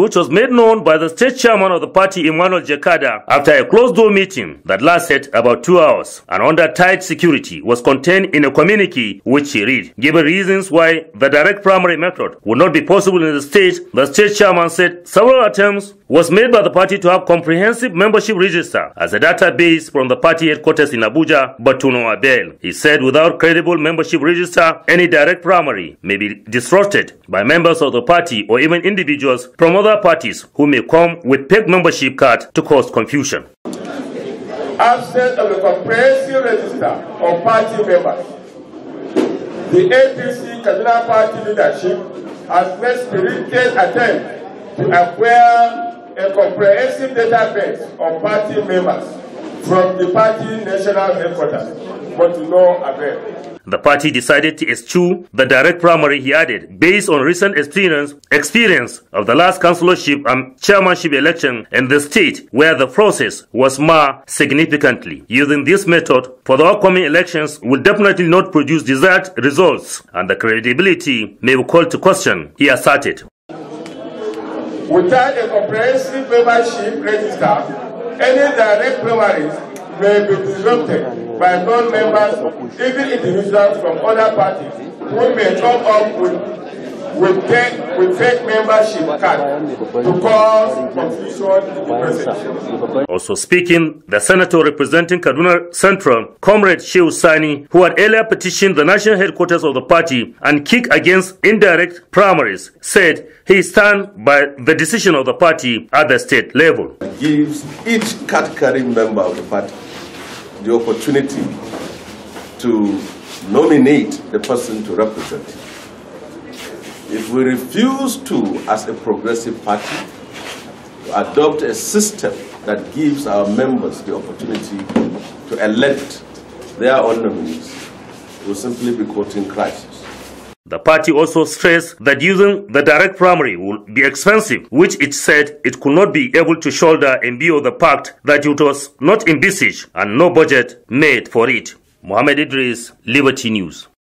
which was made known by the state chairman of the party, Emmanuel Jakada, after a closed-door meeting that lasted about two hours and under tight security was contained in a communique which he read. Given reasons why the direct primary method would not be possible in the state, the state chairman said several attempts was made by the party to have comprehensive membership register as a database from the party headquarters in Abuja, but to no avail. He said without credible membership register, any direct primary may be disrupted by members of the party or even individuals from other parties who may come with paid membership card to cause confusion. Absence of a comprehensive register of party members, the APC Kaduna Party leadership has made spirited attempt to acquire a comprehensive database of party members from the party national headquarters, but to no avail. The party decided to eschew the direct primary, he added, based on recent experience, experience of the last councillorship and chairmanship election in the state where the process was marred significantly. Using this method for the upcoming elections will definitely not produce desired results and the credibility may be called to question, he asserted. Without a comprehensive membership register, any direct primaries may be disrupted by non-members, even individuals from other parties who may come up with will take, will take membership card to cause confusion in the Also speaking, the senator representing Kaduna Central, Comrade Shehu Sani, who had earlier petitioned the national headquarters of the party and kick against indirect primaries, said he stands by the decision of the party at the state level. gives each card-carrying member of the party the opportunity to nominate the person to represent him. If we refuse to, as a progressive party, adopt a system that gives our members the opportunity to elect their own nominees, we'll simply be caught in crisis. The party also stressed that using the direct primary would be expensive, which it said it could not be able to shoulder in view of the fact that it was not envisaged and no budget made for it. Mohamed Idris, Liberty News.